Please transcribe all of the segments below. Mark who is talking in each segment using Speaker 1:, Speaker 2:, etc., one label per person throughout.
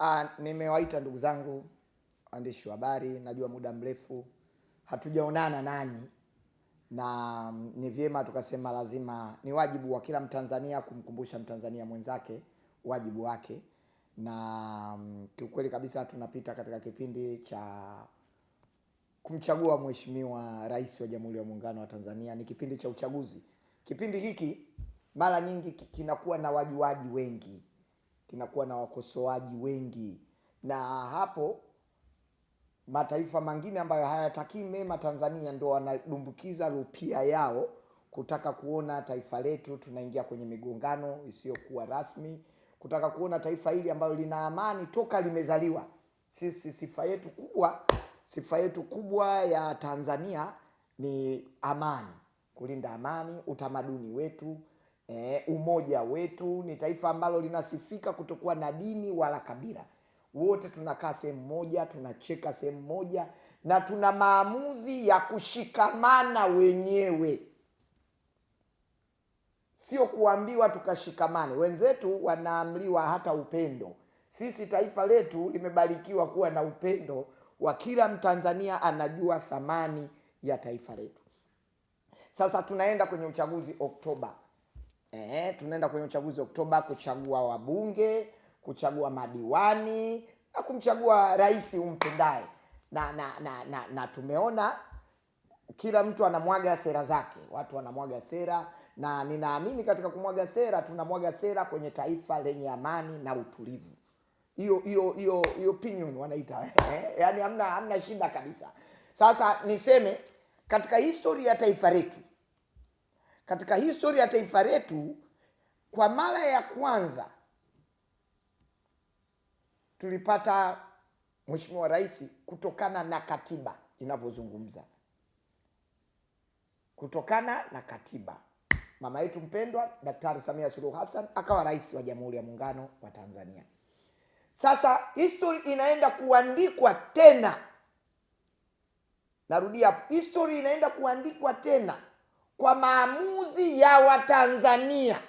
Speaker 1: Ah, nimewaita ndugu zangu waandishi wa habari, najua muda mrefu hatujaonana nanyi, na mm, ni vyema tukasema, lazima ni wajibu wa kila Mtanzania kumkumbusha Mtanzania mwenzake wajibu wake, na mm, kiukweli kabisa tunapita katika kipindi cha kumchagua Mheshimiwa Rais wa Jamhuri ya Muungano wa Tanzania. Ni kipindi cha uchaguzi. Kipindi hiki mara nyingi kinakuwa na wajuaji wengi kinakuwa na wakosoaji wengi, na hapo mataifa mengine ambayo hayatakii mema Tanzania ndo wanadumbukiza rupia yao kutaka kuona taifa letu tunaingia kwenye migongano isiyokuwa rasmi, kutaka kuona taifa hili ambalo lina amani toka limezaliwa. Sisi sifa yetu kubwa, sifa yetu kubwa ya Tanzania ni amani, kulinda amani, utamaduni wetu e, umoja wetu. Ni taifa ambalo linasifika kutokuwa na dini wala kabila, wote tunakaa sehemu moja, tunacheka sehemu moja, na tuna maamuzi ya kushikamana wenyewe, sio kuambiwa tukashikamane. Wenzetu wanaamliwa hata upendo. Sisi taifa letu limebarikiwa kuwa na upendo wa kila Mtanzania, anajua thamani ya taifa letu. Sasa tunaenda kwenye uchaguzi Oktoba. Ehe, tunaenda kwenye uchaguzi wa Oktoba kuchagua wabunge, kuchagua madiwani na kumchagua rais umpendaye, na na, na, na na tumeona kila mtu anamwaga sera zake, watu wanamwaga sera, na ninaamini katika kumwaga sera tunamwaga sera kwenye taifa lenye amani na utulivu. Hiyo hiyo hiyo hiyo opinion wanaita yaani, hamna hamna shida kabisa. Sasa niseme katika historia ya taifa letu katika historia ya taifa letu, kwa mara ya kwanza tulipata Mheshimiwa Rais kutokana na katiba inavyozungumza, kutokana na katiba. Mama yetu mpendwa Daktari Samia Suluhu Hassan akawa rais wa Jamhuri ya Muungano wa Tanzania. Sasa history inaenda kuandikwa tena, narudia, history inaenda kuandikwa tena kwa maamuzi ya Watanzania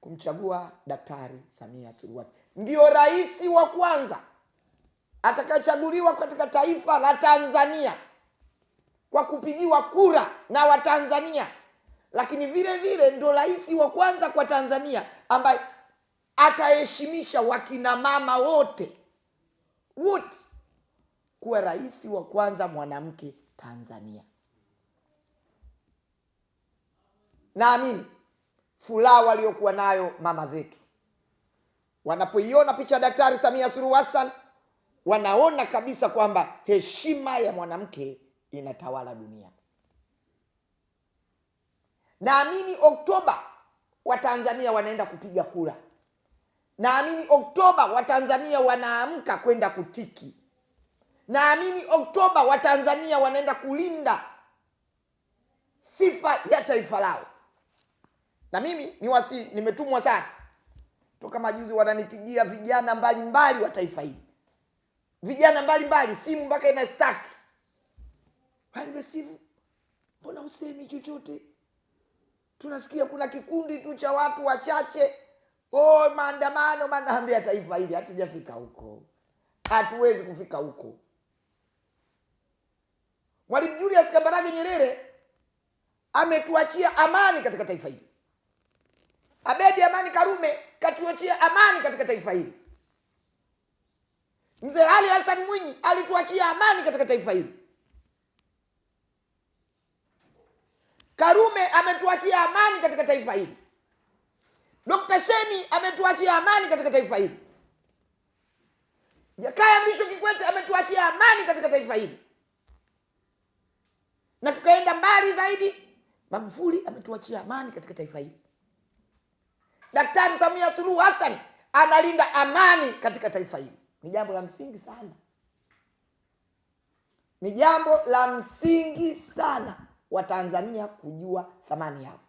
Speaker 1: kumchagua Daktari Samia Suluhu ndio rais wa kwanza atakayechaguliwa katika taifa la Tanzania kwa kupigiwa kura na Watanzania, lakini vile vile ndio rais wa kwanza kwa Tanzania ambaye ataheshimisha wakina mama wote wote kuwa rais wa kwanza mwanamke Tanzania. naamini furaha waliokuwa nayo mama zetu wanapoiona picha ya Daktari Samia Suluhu Hassan, wanaona kabisa kwamba heshima ya mwanamke inatawala dunia. Naamini Oktoba Watanzania wanaenda kupiga kura. Naamini Oktoba Watanzania wanaamka kwenda kutiki. Naamini Oktoba Watanzania wanaenda kulinda sifa ya taifa lao na mimi ni wasi nimetumwa sana toka majuzi, wananipigia vijana mbalimbali wa taifa hili, vijana mbalimbali, simu mpaka ina stack. Yaani Steve, mbona usemi chochote? Tunasikia kuna kikundi tu cha watu wachache, oh, maandamano. Naambia taifa hili hatujafika huko, hatuwezi kufika huko. Mwalimu Julius Kambarage Nyerere ametuachia amani katika taifa hili. Abedi Amani Karume katuachia amani katika taifa hili. Mzee Ali Hassan Mwinyi alituachia amani katika taifa hili. Karume ametuachia amani katika taifa hili. Dr. Sheni ametuachia amani katika taifa hili. Jakaya Mrisho Kikwete ametuachia amani katika taifa hili, na tukaenda mbali zaidi, Magufuli ametuachia amani katika taifa hili. Daktari Samia Suluhu Hassan analinda amani katika taifa hili, ni jambo la msingi sana, ni jambo la msingi sana Watanzania kujua thamani yao.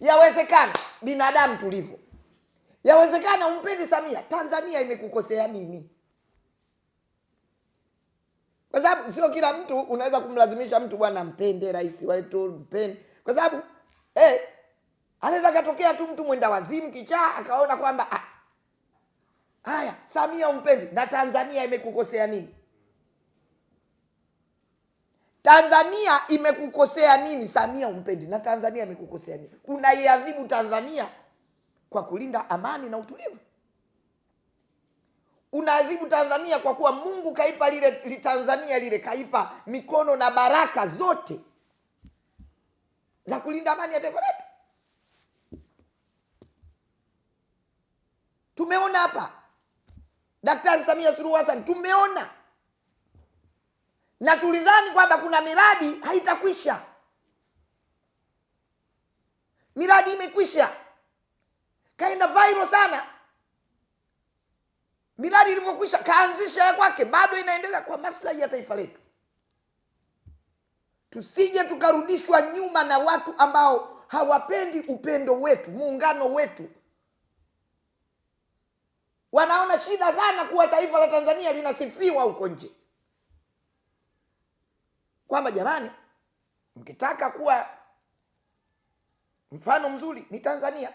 Speaker 1: Yawezekana binadamu tulivyo, yawezekana umpendi Samia. Tanzania imekukosea nini? Kwa sababu sio kila mtu unaweza kumlazimisha mtu, bwana mpende rais wetu, mpende kwa sababu Akatokea tu mtu mwenda wazimu kichaa, akaona kwamba ah, haya, Samia umpendi na Tanzania imekukosea nini? Tanzania imekukosea nini? Samia umpendi na Tanzania imekukosea nini? Unaiadhibu Tanzania kwa kulinda amani na utulivu, unaadhibu Tanzania kwa kuwa Mungu kaipa lile Tanzania lile kaipa mikono na baraka zote za kulinda amani ya taifa letu. Tumeona hapa Daktari Samia Suluhu Hassan, tumeona na tulidhani kwamba kuna miradi haitakwisha. Miradi imekwisha, kaenda viral sana. Miradi ilivyokwisha, kaanzisha ya kwake, bado inaendelea kwa maslahi ya taifa letu. Tusije tukarudishwa nyuma na watu ambao hawapendi upendo wetu, muungano wetu wanaona shida sana kuwa taifa la Tanzania linasifiwa huko nje, kwamba jamani, mkitaka kuwa mfano mzuri ni Tanzania.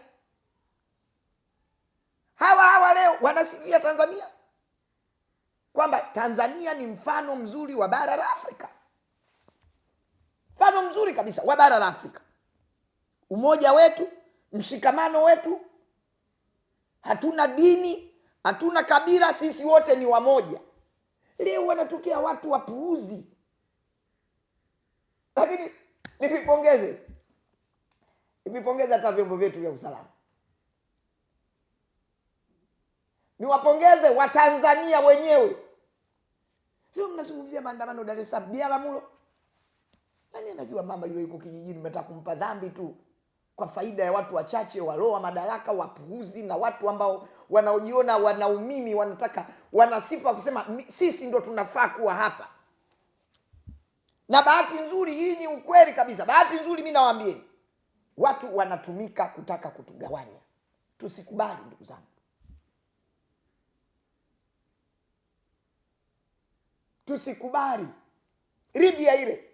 Speaker 1: Hawa hawa leo wanasifia Tanzania kwamba Tanzania ni mfano mzuri wa bara la Afrika, mfano mzuri kabisa wa bara la Afrika, umoja wetu, mshikamano wetu, hatuna dini hatuna kabila, sisi wote ni wamoja. Leo wanatokea watu wapuuzi, lakini nivipongeze nivipongeze hata vyombo vyetu vya usalama, niwapongeze Watanzania wenyewe. Leo mnazungumzia maandamano Dar es Salaam, Biaramulo. Nani anajua mama yule yuko kijijini, mnataka kumpa dhambi tu kwa faida ya watu wachache waloa madaraka, wapuuzi na watu ambao wanaojiona wanaumimi, wanataka wanasifa kusema sisi ndo tunafaa kuwa hapa. Na bahati nzuri, hii ni ukweli kabisa. Bahati nzuri, mi nawaambieni, watu wanatumika kutaka kutugawanya. Tusikubali ndugu zangu, tusikubali libia ile